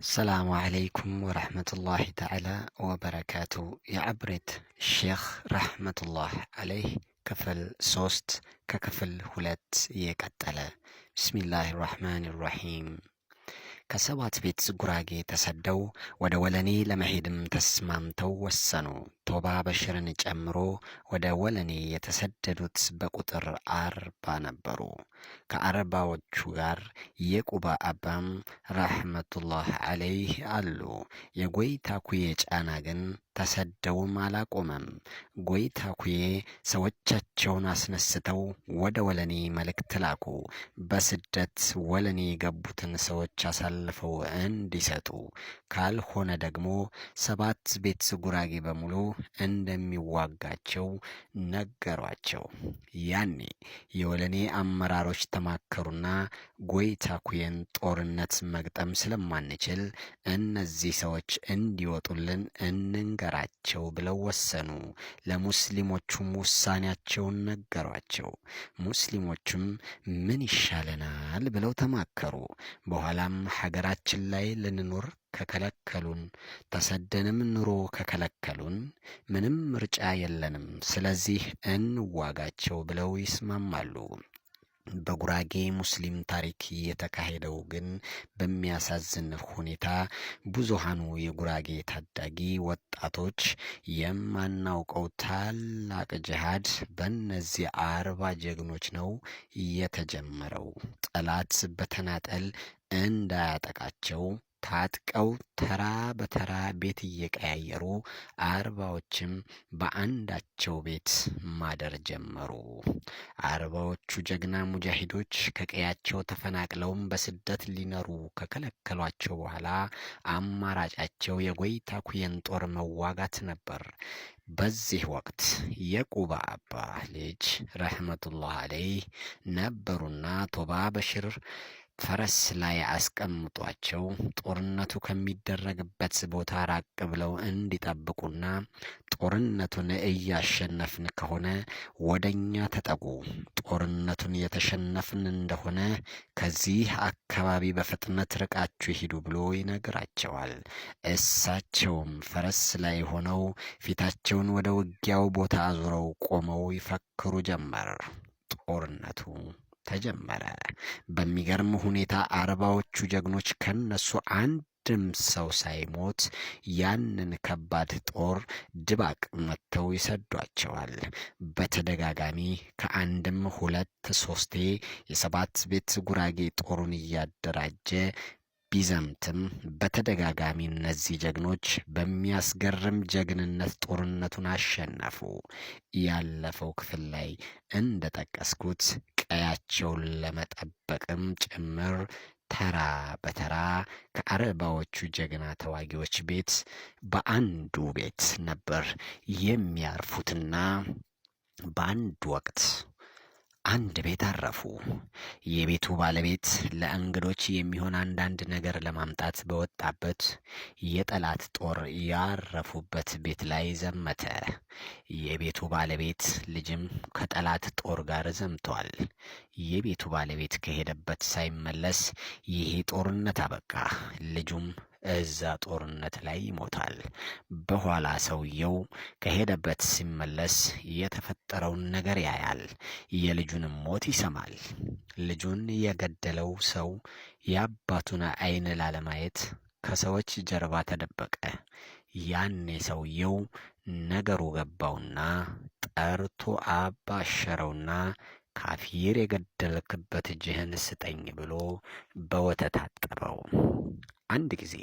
السلام عليكم ورحمة الله تعالى وبركاته يا عبرت الشيخ رحمة الله عليه كفل سوست ككفل هلات هلت يكتل بسم الله الرحمن الرحيم كسبات بيت سقراجي تسدو ودولني لمهيدم تسمامتو والسنو ቶባ በሽርን ጨምሮ ወደ ወለኔ የተሰደዱት በቁጥር አርባ ነበሩ። ከአርባዎቹ ጋር የቁባ አባም ራሕመቱላህ ዓለይህ አሉ። የጎይታኩዬ ጫና ግን ተሰደውም አላቆመም። ጎይታኩዬ ሰዎቻቸውን አስነስተው ወደ ወለኔ መልእክት ላኩ። በስደት ወለኔ የገቡትን ሰዎች አሳልፈው እንዲሰጡ ካልሆነ ደግሞ ሰባት ቤት ጉራጌ በሙሉ እንደሚዋጋቸው ነገሯቸው። ያኔ የወለኔ አመራሮች ተማከሩና ጎይታኩየን ጦርነት መግጠም ስለማንችል እነዚህ ሰዎች እንዲወጡልን እንንገራቸው ብለው ወሰኑ። ለሙስሊሞቹም ውሳኔያቸውን ነገሯቸው። ሙስሊሞቹም ምን ይሻለናል ብለው ተማከሩ። በኋላም ሀገራችን ላይ ልንኖር ከከለከሉን ተሰደንም ኑሮ ከከለከሉን ምንም ምርጫ የለንም፣ ስለዚህ እንዋጋቸው ብለው ይስማማሉ። በጉራጌ ሙስሊም ታሪክ የተካሄደው ግን በሚያሳዝን ሁኔታ ብዙሃኑ የጉራጌ ታዳጊ ወጣቶች የማናውቀው ታላቅ ጅሃድ በእነዚህ አርባ ጀግኖች ነው የተጀመረው። ጠላት በተናጠል እንዳያጠቃቸው ታጥቀው ተራ በተራ ቤት እየቀያየሩ አርባዎችም በአንዳቸው ቤት ማደር ጀመሩ። አርባዎቹ ጀግና ሙጃሂዶች ከቀያቸው ተፈናቅለውም በስደት ሊኖሩ ከከለከሏቸው በኋላ አማራጫቸው የጎይታ ኩየን ጦር መዋጋት ነበር። በዚህ ወቅት የቁባ አባ ልጅ ረሕመቱላህ አለይህ ነበሩና ቶባ በሽር ፈረስ ላይ አስቀምጧቸው ጦርነቱ ከሚደረግበት ቦታ ራቅ ብለው እንዲጠብቁና ጦርነቱን እያሸነፍን ከሆነ ወደ ተጠጉ፣ ጦርነቱን የተሸነፍን እንደሆነ ከዚህ አካባቢ በፍጥነት ርቃችሁ ሂዱ ብሎ ይነግራቸዋል። እሳቸውም ፈረስ ላይ ሆነው ፊታቸውን ወደ ውጊያው ቦታ አዙረው ቆመው ይፈክሩ ጀመር። ጦርነቱ ተጀመረ። በሚገርም ሁኔታ አርባዎቹ ጀግኖች ከነሱ አንድም ሰው ሳይሞት ያንን ከባድ ጦር ድባቅ መጥተው ይሰዷቸዋል። በተደጋጋሚ ከአንድም ሁለት ሶስቴ የሰባት ቤት ጉራጌ ጦሩን እያደራጀ ቢዘምትም በተደጋጋሚ እነዚህ ጀግኖች በሚያስገርም ጀግንነት ጦርነቱን አሸነፉ። ያለፈው ክፍል ላይ እንደጠቀስኩት ቀያቸውን ለመጠበቅም ጭምር ተራ በተራ ከአረባዎቹ ጀግና ተዋጊዎች ቤት በአንዱ ቤት ነበር የሚያርፉትና በአንድ ወቅት አንድ ቤት አረፉ። የቤቱ ባለቤት ለእንግዶች የሚሆን አንዳንድ ነገር ለማምጣት በወጣበት የጠላት ጦር ያረፉበት ቤት ላይ ዘመተ። የቤቱ ባለቤት ልጅም ከጠላት ጦር ጋር ዘምቷል። የቤቱ ባለቤት ከሄደበት ሳይመለስ ይሄ ጦርነት አበቃ። ልጁም እዛ ጦርነት ላይ ይሞታል። በኋላ ሰውየው ከሄደበት ሲመለስ የተፈጠረውን ነገር ያያል፣ የልጁንም ሞት ይሰማል። ልጁን የገደለው ሰው የአባቱን ዓይን ላለማየት ከሰዎች ጀርባ ተደበቀ። ያኔ ሰውየው ነገሩ ገባውና ጠርቶ አባሸረውና ካፊር የገደልክበት እጅህን ስጠኝ ብሎ በወተት አጠበው። አንድ ጊዜ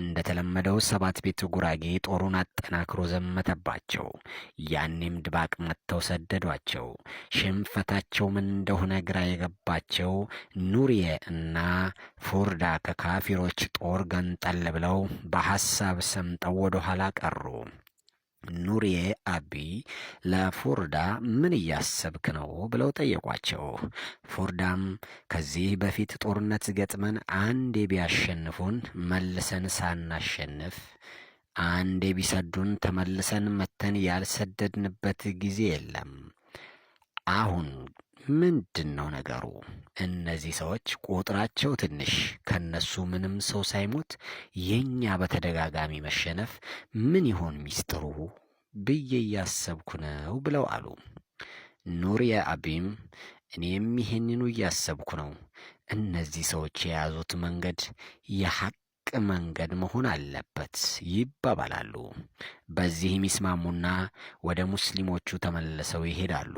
እንደተለመደው ሰባት ቤት ጉራጌ ጦሩን አጠናክሮ ዘመተባቸው። ያኔም ድባቅ መጥተው ሰደዷቸው። ሽንፈታቸው ምን እንደሆነ ግራ የገባቸው ኑሪየ እና ፉርዳ ከካፊሮች ጦር ገንጠል ብለው በሐሳብ ሰምጠው ወደ ኋላ ቀሩ። ኑሪዬ አቢ ለፎርዳ ምን እያሰብክ ነው ብለው ጠየቋቸው። ፎርዳም ከዚህ በፊት ጦርነት ገጥመን አንዴ ቢያሸንፉን መልሰን ሳናሸንፍ፣ አንዴ ቢሰዱን ተመልሰን መተን ያልሰደድንበት ጊዜ የለም አሁን ምንድን ነው ነገሩ? እነዚህ ሰዎች ቁጥራቸው ትንሽ፣ ከነሱ ምንም ሰው ሳይሞት የእኛ በተደጋጋሚ መሸነፍ ምን ይሆን ሚስጥሩ ብዬ እያሰብኩ ነው ብለው አሉ። ኑሪያ አቢም እኔም ይህንኑ እያሰብኩ ነው። እነዚህ ሰዎች የያዙት መንገድ የሐቅ መንገድ መሆን አለበት ይባባላሉ። በዚህም ይስማሙና ወደ ሙስሊሞቹ ተመልሰው ይሄዳሉ።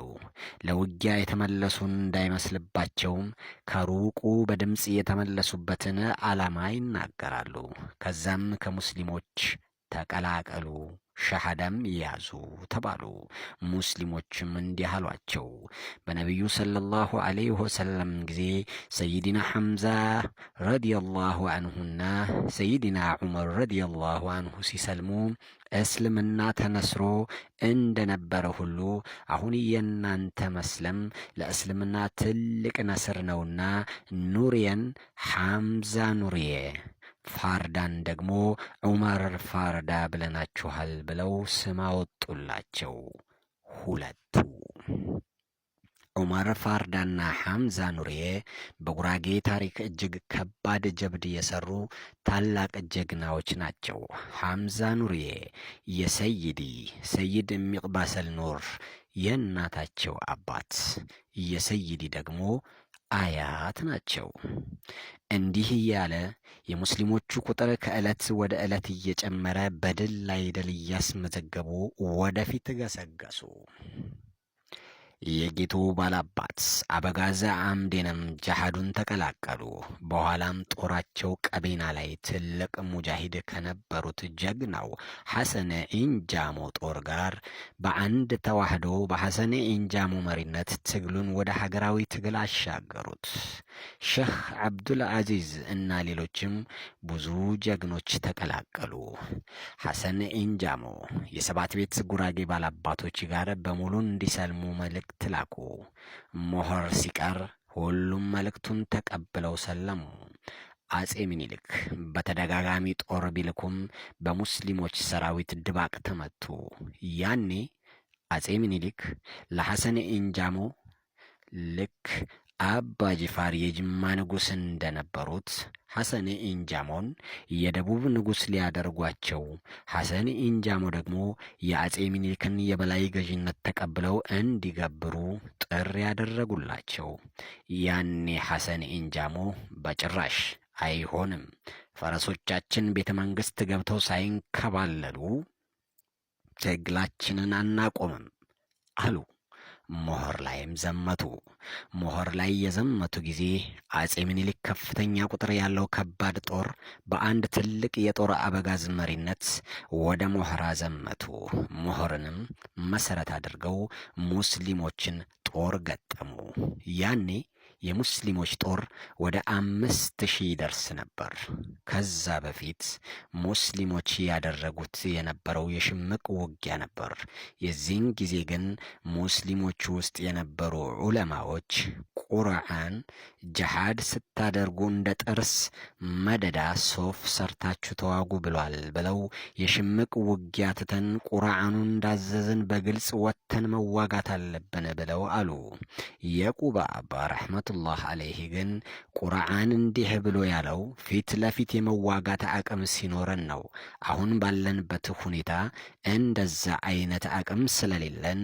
ለውጊያ የተመለሱን እንዳይመስልባቸውም ከሩቁ በድምፅ የተመለሱበትን ዓላማ ይናገራሉ። ከዛም ከሙስሊሞች ተቀላቀሉ ሸሃዳም ያዙ ተባሉ። ሙስሊሞችም እንዲህ አሏቸው። በነቢዩ ሰለላሁ ዐለይሂ ወሰለም ጊዜ ሰይድና ሐምዛ ረዲየላሁ አንሁና ሰይድና ዑመር ረዲየላሁ አንሁ ሲሰልሙ እስልምና ተነስሮ እንደነበረ ሁሉ አሁን የእናንተ መስለም ለእስልምና ትልቅ ነስር ነውና ኑርየን ሐምዛ ኑርዬ ፋርዳን ደግሞ ዑመር ፋርዳ ብለናችኋል ብለው ስም አወጡላቸው። ሁለቱ ዑመር ፋርዳና ሐምዛ ኑርዬ በጉራጌ ታሪክ እጅግ ከባድ ጀብድ የሰሩ ታላቅ ጀግናዎች ናቸው። ሐምዛ ኑሬ የሰይዲ ሰይድ ሚቅባሰል ኑር የእናታቸው አባት የሰይዲ ደግሞ አያት ናቸው። እንዲህ እያለ የሙስሊሞቹ ቁጥር ከዕለት ወደ ዕለት እየጨመረ በድል ላይ ድል እያስመዘገቡ ወደፊት ገሰገሱ። የጌቱ ባላባት አበጋዘ አምዴንም ጃሃዱን ተቀላቀሉ። በኋላም ጦራቸው ቀቤና ላይ ትልቅ ሙጃሂድ ከነበሩት ጀግናው ሐሰነ ኢንጃሞ ጦር ጋር በአንድ ተዋህዶ በሐሰነ ኢንጃሞ መሪነት ትግሉን ወደ ሀገራዊ ትግል አሻገሩት። ሼህ አብዱል አዚዝ እና ሌሎችም ብዙ ጀግኖች ተቀላቀሉ። ሐሰን ኢንጃሞ የሰባት ቤት ጉራጌ ባላባቶች ጋር በሙሉ እንዲሰልሙ መልክ መልእክት ላኩ። ሞሆር ሲቀር ሁሉም መልእክቱን ተቀብለው ሰለሙ። አጼ ሚኒልክ በተደጋጋሚ ጦር ቢልኩም በሙስሊሞች ሰራዊት ድባቅ ተመቱ። ያኔ አጼ ሚኒሊክ ለሐሰን ኢንጃሞ ልክ አባ ጅፋር የጅማ ንጉሥ እንደነበሩት ሐሰን ኢንጃሞን የደቡብ ንጉሥ ሊያደርጓቸው፣ ሐሰን ኢንጃሞ ደግሞ የአጼ ሚኒልክን የበላይ ገዥነት ተቀብለው እንዲገብሩ ጥሪ ያደረጉላቸው። ያኔ ሐሰን ኢንጃሞ በጭራሽ አይሆንም፣ ፈረሶቻችን ቤተ መንግሥት ገብተው ሳይንከባለሉ ትግላችንን አናቆምም አሉ። ሞሆር ላይም ዘመቱ። ሞሆር ላይ የዘመቱ ጊዜ አጼ ምኒልክ ከፍተኛ ቁጥር ያለው ከባድ ጦር በአንድ ትልቅ የጦር አበጋዝ መሪነት ወደ ሞሆራ ዘመቱ። ሞሆርንም መሰረት አድርገው ሙስሊሞችን ጦር ገጠሙ። ያኔ የሙስሊሞች ጦር ወደ አምስት ሺህ ይደርስ ነበር። ከዛ በፊት ሙስሊሞች ያደረጉት የነበረው የሽምቅ ውጊያ ነበር። የዚህን ጊዜ ግን ሙስሊሞች ውስጥ የነበሩ ዑለማዎች ቁርአን ጅሃድ ስታደርጉ እንደ ጥርስ መደዳ ሶፍ ሰርታችሁ ተዋጉ ብሏል ብለው የሽምቅ ውጊያ ትተን ቁርአኑ እንዳዘዝን በግልጽ ወጥተን መዋጋት አለብን ብለው አሉ። የቁባ አባ ረሕመቱ ረሕመቱላህ አለይህ ግን ቁርአን እንዲህ ብሎ ያለው ፊት ለፊት የመዋጋት አቅም ሲኖረን ነው። አሁን ባለንበት ሁኔታ እንደዛ አይነት አቅም ስለሌለን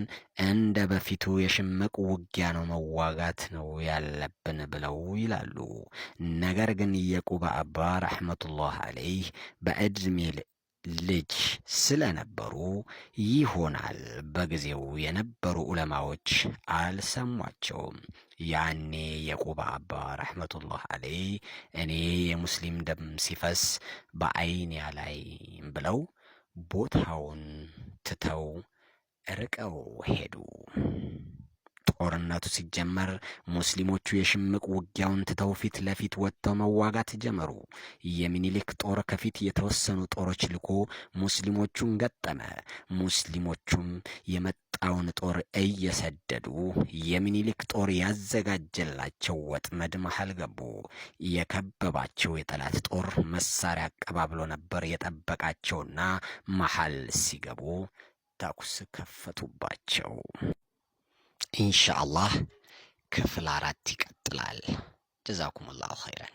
እንደ በፊቱ የሽምቅ ውጊያ ነው መዋጋት ነው ያለብን ብለው ይላሉ። ነገር ግን የቁባ አባ ረሕመቱላህ አለይህ በዕድሜ ልጅ ስለነበሩ ይሆናል በጊዜው የነበሩ ዑለማዎች አልሰሟቸውም። ያኔ የቁባ አባ ረሕመቱላህ አለይ እኔ የሙስሊም ደም ሲፈስ በአይንያ ላይ ብለው ቦታውን ትተው ርቀው ሄዱ። ጦርነቱ ሲጀመር ሙስሊሞቹ የሽምቅ ውጊያውን ትተው ፊት ለፊት ወጥተው መዋጋት ጀመሩ። የሚኒሊክ ጦር ከፊት የተወሰኑ ጦሮች ልኮ ሙስሊሞቹን ገጠመ። ሙስሊሞቹም የመጣውን ጦር እየሰደዱ የሚኒሊክ ጦር ያዘጋጀላቸው ወጥመድ መሃል ገቡ። የከበባቸው የጠላት ጦር መሳሪያ አቀባብሎ ነበር የጠበቃቸውና መሃል ሲገቡ ተኩስ ከፈቱባቸው። ኢንሻአላህ ክፍል አራት ይቀጥላል። ጀዛኩሙላሁ ኸይረን